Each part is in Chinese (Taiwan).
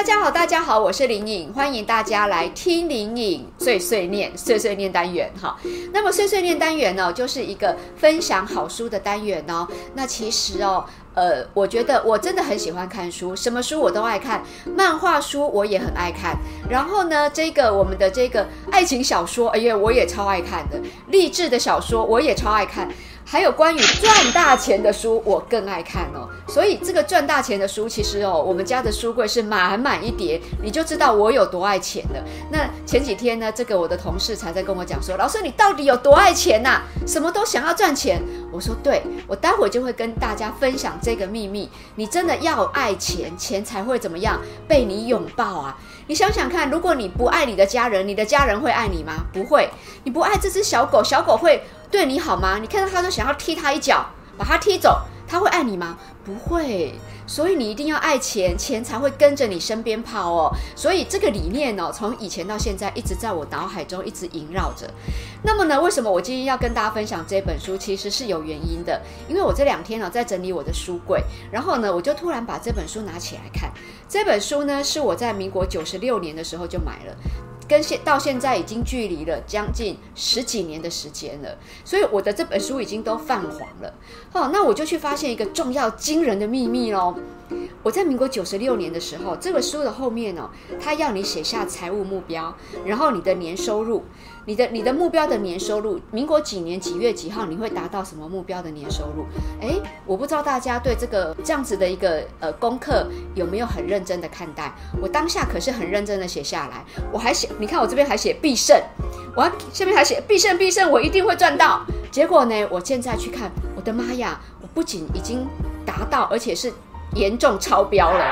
大家好，大家好，我是林穎，歡迎大家來聽林穎睡睡唸睡睡唸單元哈、哦。那麼睡睡唸單元呢、哦，就是一個分享好書的單元哦。那其實哦，呃，我覺得我真的很喜歡看書，什麼書我都愛看，漫畫書我也很愛看。然後呢，這個我們的這個愛情小說，哎呀，我也超愛看的；勵志的小說，我也超愛看。還有關於賺大錢的書，我更愛看哦。所以這個賺大錢的書，其實哦，我們家的書櫃是滿滿一疊，你就知道我有多愛錢的。那前幾天呢，這個我的同事才在跟我講說，老師你到底有多愛錢吶、啊？什麼都想要賺錢。我說對，對，我待會就會跟大家分享這個祕密。你真的要愛錢，錢才會怎麼樣？被你擁抱啊。你想想看，如果你不愛你的家人，你的家人會愛你嗎？不會。你不愛這隻小狗，小狗會對你好嗎？你看到它就想要踢它一腳，把它踢走。他會愛你嗎？不會，所以你一定要愛錢，錢才會跟着你身邊跑哦。所以這個理念哦，從以前到現在，一直在我腦海中一直縈繞着。那麼呢，為什麼我今天要跟大家分享這本書？其實是有原因的，因為我這兩天呢、哦、在整理我的書櫃，然後呢，我就突然把這本書拿起來看。這本書呢是我在民國九十六年的時候就買了。跟現到現在已經距離了將近十幾年的時間了，所以我的這本書已經都泛黃了。好、哦，那我就去發現一個重要驚人的秘密嘍。我在民國九十六年的時候，這本書的後面哦，他要你寫下財務目標，然後你的年收入，你的你的目標的年收入，民國幾年幾月幾號你會達到什麼目標的年收入？誒，我不知道大家對這個這樣子的一個呃功課有沒有很認真的看待？我當下可是很認真的寫下來，我還寫，你看我這邊還寫必勝，我還下面還寫必勝必勝，我一定會賺到。結果呢，我現在去看，我的媽呀，我不僅已經達到，而且是。嚴重超標了，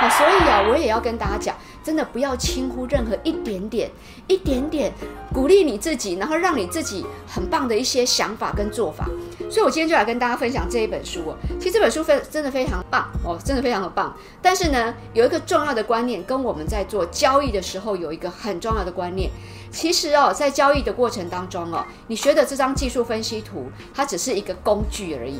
好，所以啊，我也要跟大家講，真的不要輕忽任何一點點、一點點鼓勵你自己，然後讓你自己很棒的一些想法跟做法。所以我今天就來跟大家分享這一本書哦。其實這本書非真的非常棒哦，真的非常的棒。但是呢，有一個重要的觀念，跟我們在做交易的時候有一個很重要的觀念。其實哦，在交易的過程當中哦，你學的這張技術分析圖，它只是一個工具而已，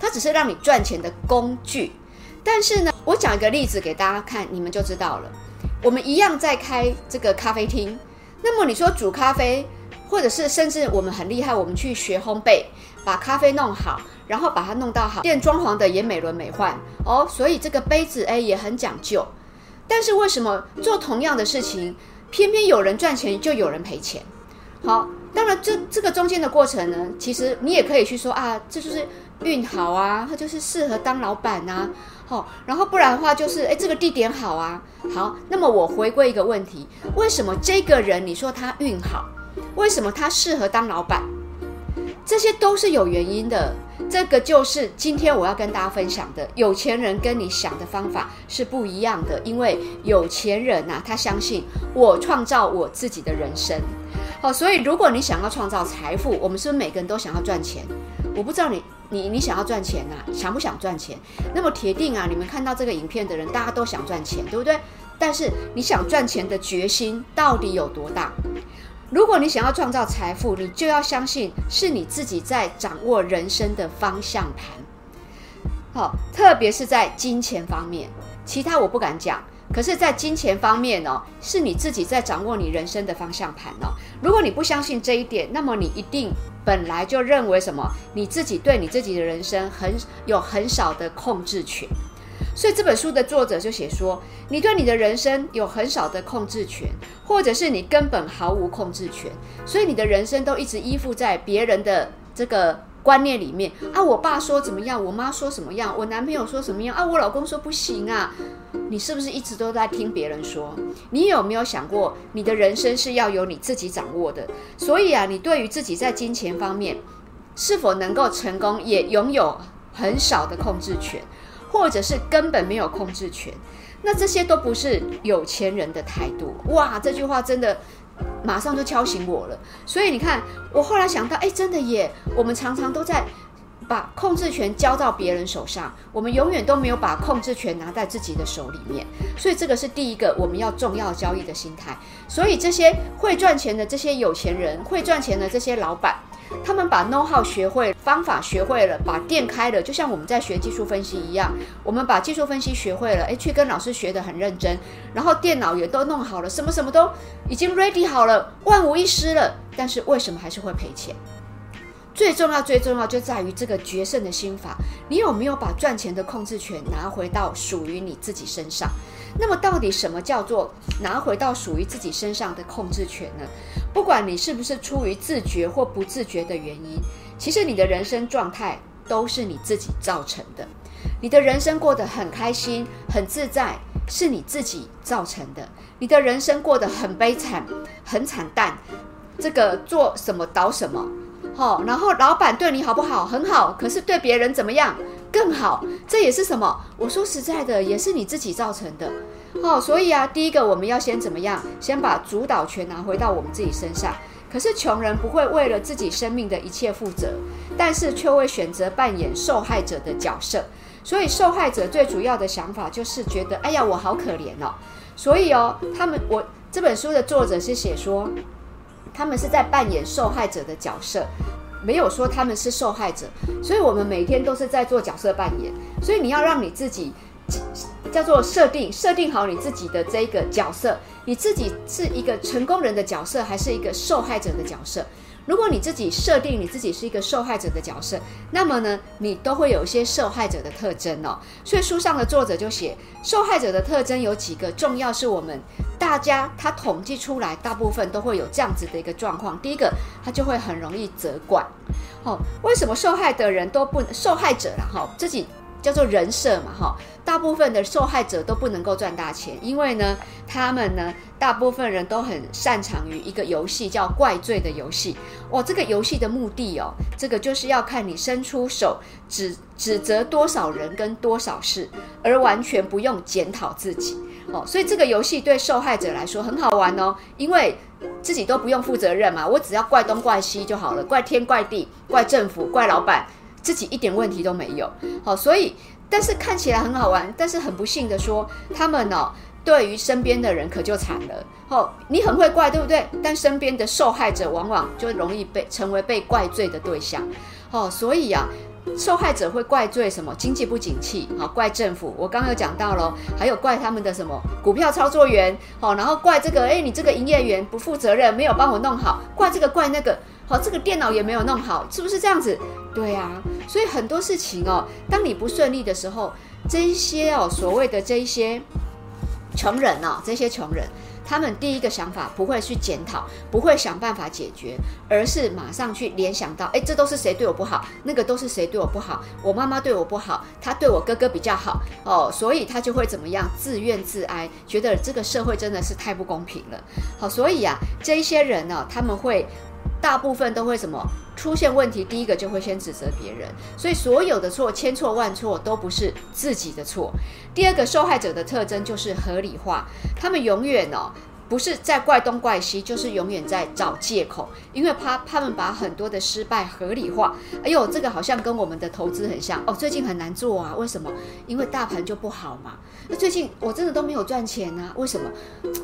它只是讓你賺錢的工具。但是呢，我講一個例子給大家看，你們就知道了。我們一樣在開這個咖啡廳，那麼你說煮咖啡，或者是甚至我們很厲害，我們去學烘焙，把咖啡弄好，然後把它弄到好店，裝潢的也美輪美奐哦，所以這個杯子哎也很講究。但是為什麼做同樣的事情，偏偏有人賺錢，就有人賠錢？好，當然這這個中間的過程呢，其實你也可以去說啊，這就是運好啊，它就是適合當老闆啊。好，然後不然的話就是，誒，這個地點好啊，好。那麼我回歸一個問題，為什麼這個人你說他運好，為什麼他適合當老闆？這些都是有原因的。這個就是今天我要跟大家分享的，有錢人跟你想的方法是不一樣的。因為有錢人吶，他相信我創造我自己的人生。好，所以如果你想要創造財富，我們是不是每個人都想要賺錢？我不知道你。你你想要賺錢啊？想不想賺錢？那麼鐵定啊！你們看到這個影片的人，大家都想賺錢，對不對？但是你想賺錢的決心到底有多大？如果你想要創造財富，你就要相信是你自己在掌握人生的方向盤。好，特別是在金錢方面，其他我不敢講。可是，在金錢方面哦，是你自己在掌握你人生的方向盤哦。如果你不相信這一點，那麼你一定。本來就認為什麼，你自己對你自己的人生很有很少的控制權，所以這本書的作者就寫說，你對你的人生有很少的控制權，或者是你根本毫無控制權，所以你的人生都一直依附在別人的這個。觀念裡面啊，我爸說怎麼樣，我媽說什麼樣，我男朋友說什麼樣啊，我老公說不行啊，你是不是一直都在聽別人說？你有沒有想過，你的人生是要由你自己掌握的？所以啊，你對於自己在金錢方面是否能夠成功，也擁有很少的控制權，或者是根本沒有控制權？那這些都不是有錢人的態度。哇，這句話真的。馬上就敲醒我了，所以你看，我後來想到，哎、欸，真的耶，我們常常都在把控制權交到別人手上，我們永遠都沒有把控制權拿在自己的手裡面，所以這個是第一個我們要重要交易的心態。所以這些會賺錢的這些有錢人，會賺錢的這些老闆。他們把 know how 學會了，方法學會了，把店開了，就像我們在學技術分析一樣，我們把技術分析學會了，哎、欸，去跟老師學得很認真，然後電腦也都弄好了，什麼什麼都已經 ready 好了，萬無一失了，但是為什麼還是會賠錢？最重要，最重要就在於這個決勝的心法，你有沒有把賺錢的控制權拿回到屬於你自己身上？那麼，到底什麼叫做拿回到屬於自己身上的控制權呢？不管你是不是出於自覺或不自覺的原因，其實你的人生狀態都是你自己造成的。你的人生過得很開心、很自在，是你自己造成的；你的人生過得很悲慘、很慘淡，這個做什麼倒什麼。好，然後老闆對你好不好？很好，可是對別人怎麼樣？更好，這也是什麼？我說實在的，也是你自己造成的。好，所以啊，第一個我們要先怎麼樣？先把主導權拿回到我們自己身上。可是窮人不會為了自己生命的一切負責，但是却會選擇扮演受害者的角色。所以受害者最主要的想法就是覺得，哎呀，我好可憐哦。所以哦，他們，我這本書的作者是寫說。他們是在扮演受害者的角色，沒有說他們是受害者，所以我們每天都是在做角色扮演，所以你要讓你自己。叫做設定，設定好你自己的這一個角色，你自己是一個成功人的角色，還是一個受害者的角色？如果你自己設定你自己是一個受害者的角色，那麼呢，你都會有一些受害者的特徵哦。所以書上的作者就寫，受害者的特徵有幾個重要，是我們大家他統計出來，大部分都會有這樣子的一個狀況。第一個，他就會很容易責怪，哦，為什麼受害的人都不能受害者然後、喔、自己。叫做人設嘛，哈、哦，大部分的受害者都不能夠賺大錢，因為呢，他們呢，大部分人都很擅長於一個遊戲，叫怪罪的遊戲。哦，這個遊戲的目的哦，這個就是要看你伸出手指，指責多少人跟多少事，而完全不用檢討自己。哦，所以這個遊戲對受害者來說很好玩哦，因為自己都不用負責任嘛，我只要怪東怪西就好了，怪天怪地，怪政府，怪老闆。自己一點問題都沒有，好、哦，所以但是看起來很好玩，但是很不幸的說，他們呢、哦、對於身邊的人可就慘了，哦，你很會怪，對不對？但身邊的受害者往往就容易被成為被怪罪的對象，哦，所以啊，受害者會怪罪什麼？經濟不景氣，好、哦、怪政府。我剛剛有講到嘍，還有怪他們的什麼股票操作員，好、哦，然後怪這個，誒，你這個營業員不負責任，沒有幫我弄好，怪這個怪那個，好、哦，這個電腦也沒有弄好，是不是這樣子？對呀、啊，所以很多事情哦，當你不順利的時候，這一些哦，所謂的這一些窮人哦，這些窮人，他們第一個想法不會去檢討，不會想辦法解決，而是馬上去聯想到，哎，這都是誰對我不好？那個都是誰對我不好？我媽媽對我不好，他對我哥哥比較好哦，所以他就會怎麼樣，自怨自艾，覺得這個社會真的是太不公平了。好，所以啊，這一些人呢、哦，他們會。大部分都會什麼出現問題？第一個就會先指責別人，所以所有的錯，千錯萬錯都不是自己的錯。第二個受害者的特徵就是合理化，他們永遠哦。不是在怪東怪西，就是永遠在找借口，因為怕他們把很多的失敗合理化。哎呦，這個好像跟我們的投資很像哦，最近很難做啊，為什麼？因為大盤就不好嘛。那最近我真的都沒有賺錢啊，為什麼？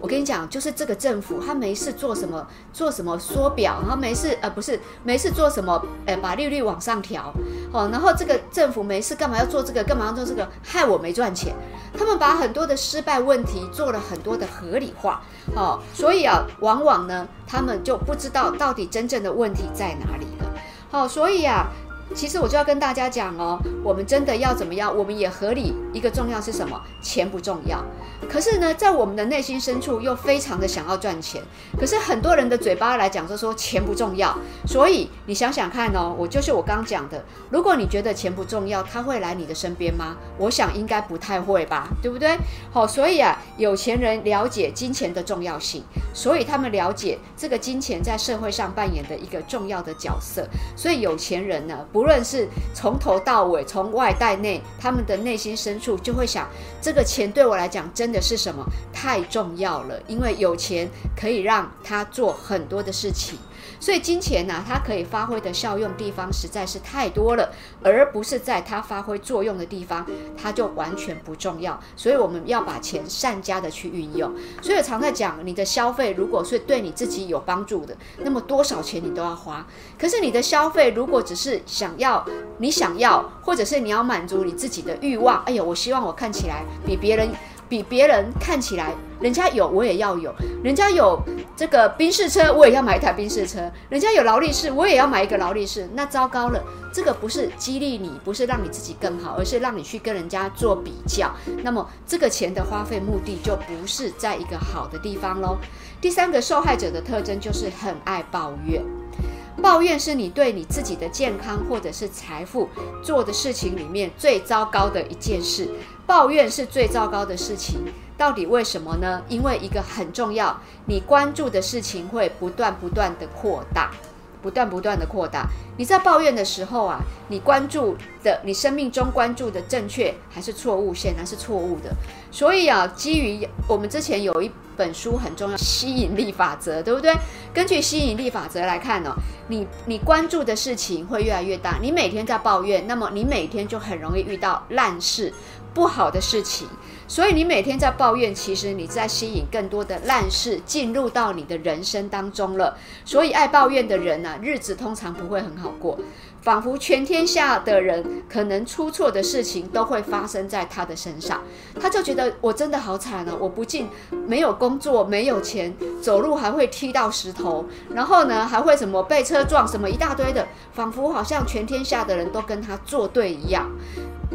我跟你講，就是這個政府他沒事做什麼做什麼縮表，然後沒事呃不是沒事做什麼呃把利率往上調。哦，然後這個政府沒事干嘛要做這個？幹嘛要做這個？害我沒賺錢。他們把很多的失敗問題做了很多的合理化，哦，所以啊，往往呢，他們就不知道到底真正的問題在哪裡了。好，哦，所以啊，其實我就要跟大家講哦，我們真的要怎麼樣？我們也合理，一個重要是什麼？錢不重要。可是呢，在我們的內心深處又非常的想要賺錢。可是很多人的嘴巴來講就說錢不重要，所以你想想看哦，我就是我剛講的，如果你覺得錢不重要，他會來你的身邊嗎？我想應該不太會吧，對不對？好、哦，所以啊，有錢人了解金錢的重要性，所以他們了解這個金錢在社會上扮演的一個重要的角色。所以有錢人呢，不論是從頭到尾，從外帶內，他們的內心深處就會想，這個錢對我來講真的是什麼？太重要了，因為有錢可以讓他做很多的事情，所以金錢呢、啊，它可以發揮的效用地方實在是太多了，而不是在它發揮作用的地方，它就完全不重要。所以我們要把錢善加的去運用。所以我常在講，你的消費如果是對你自己有幫助的，那麼多少錢你都要花。可是你的消費如果只是想要你想要，或者是你要滿足你自己的慾望，哎呀，我希望我看起來比別人。比別人看起來，人家有我也要有，人家有這個賓士車我也要買一台賓士車，人家有勞力士我也要買一個勞力士，那糟糕了，這個不是激勵你，不是讓你自己更好，而是讓你去跟人家做比較，那麼這個錢的花費目的就不是在一個好的地方嘍。第三個受害者的特徵就是很愛抱怨。抱怨是你對你自己的健康或者是財富做的事情裡面最糟糕的一件事。抱怨是最糟糕的事情，到底為什麼呢？因為一個很重要，你關注的事情會不斷不斷的擴大。不斷不斷的擴大，你在抱怨的時候啊，你關注的，你生命中關注的正確還是錯誤，顯然是錯誤的。所以啊，基於我們之前有一本書很重要，吸引力法則，對不對？根據吸引力法則來看呢，啊，你你關注的事情會越來越大。你每天在抱怨，那麼你每天就很容易遇到爛事。不好的事情，所以你每天在抱怨，其實你在吸引更多的爛事進入到你的人生當中了。所以愛抱怨的人呢、啊，日子通常不會很好過，仿佛全天下的人可能出錯的事情都會發生在他的身上，他就覺得我真的好慘呢、哦。我不僅沒有工作，沒有錢，走路還會踢到石頭，然後呢還會什麼被車撞，什麼一大堆的，仿佛好像全天下的人都跟他作對一樣。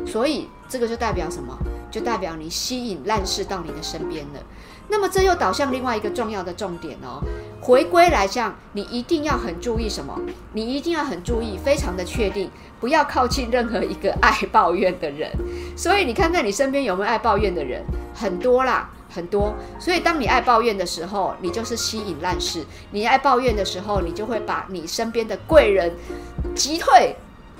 所以這個就代表什麼？就代表你吸引爛事到你的身邊了。那麼這又導向另外一個重要的重點哦。回歸來講，你一定要很注意什麼？你一定要很注意，非常的確定，不要靠近任何一個愛抱怨的人。所以你看看你身邊有沒有愛抱怨的人？很多啦，很多。所以當你愛抱怨的時候，你就是吸引爛事；你愛抱怨的時候，你就會把你身邊的貴人擊退。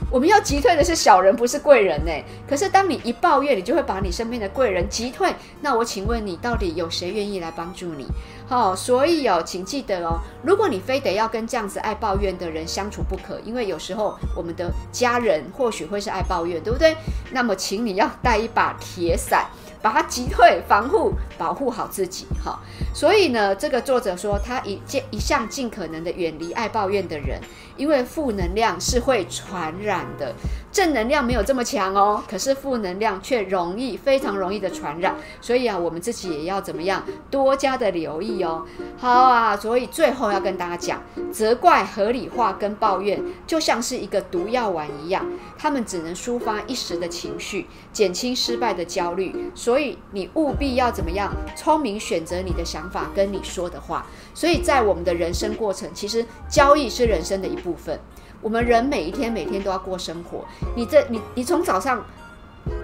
我們要擊退的是小人，不是貴人耶。可是當你一抱怨，你就會把你身邊的貴人擊退。那我請問你，到底有誰願意來幫助你？好，哦，所以哦，請記得哦，如果你非得要跟這樣子愛抱怨的人相處不可，因為有時候我們的家人或許會是愛抱怨，對不對？那麼，請你要帶一把鐵傘，把它擊退，防護，保護好自己。哈，哦，所以呢，這個作者說，他一一向盡可能的遠離愛抱怨的人，因為負能量是會傳染的。正能量沒有這麼強哦，可是負能量卻容易非常容易的傳染，所以啊，我們自己也要怎麼樣多加的留意哦。好啊，所以最後要跟大家講，責怪、合理化跟抱怨就像是一個毒藥丸一樣，他們只能抒發一時的情緒，減輕失敗的焦慮。所以你務必要怎麼樣聰明選擇你的想法跟你說的話。所以在我們的人生過程，其實交易是人生的一部分。我們人每一天每天都要過生活你，你這你你從早上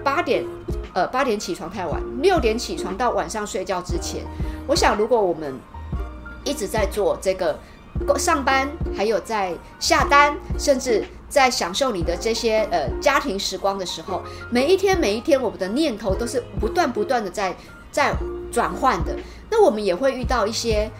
八點，呃八點起床太晚，六點起床到晚上睡覺之前，我想如果我們一直在做這個上班，還有在下單，甚至在享受你的這些呃家庭時光的時候，每一天每一天我們的念頭都是不斷不斷的在在轉換的，那我們也會遇到一些。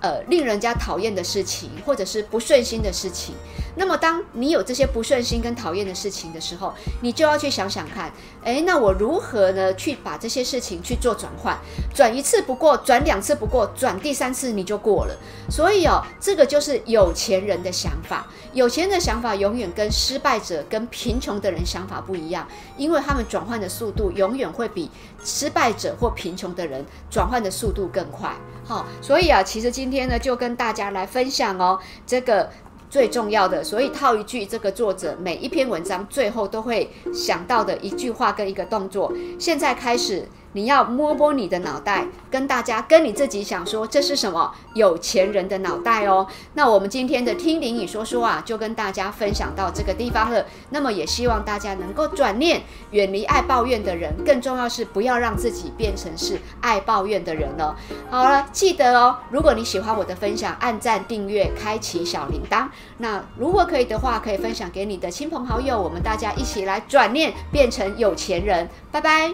呃，令人家討厭的事情，或者是不順心的事情。那麼，當你有這些不順心跟討厭的事情的時候，你就要去想想看，誒，那我如何呢，去把這些事情去做轉換。轉一次不過，轉兩次不過，轉第三次你就過了。所以哦，這個就是有錢人的想法。有錢人的想法永遠跟失敗者跟貧窮的人想法不一樣，因為他們轉換的速度永遠會比失敗者或貧窮的人轉換的速度更快。好，哦，所以啊，其實今天呢，就跟大家來分享哦，這個最重要的，所以套一句，這個作者每一篇文章最後都會想到的一句話跟一個動作，現在開始。你要摸摸你的腦袋，跟大家，跟你自己想說，這是什麼有錢人的腦袋喔？那我們今天的聽林穎說說啊，就跟大家分享到這個地方了。那麼也希望大家能夠轉念，遠離愛抱怨的人，更重要是不要讓自己變成是愛抱怨的人喔。好了，記得喔，如果你喜歡我的分享，按讚、訂閱、開啟小鈴鐺。那如果可以的話，可以分享給你的親朋好友，我們大家一起來轉念，變成有錢人。拜拜。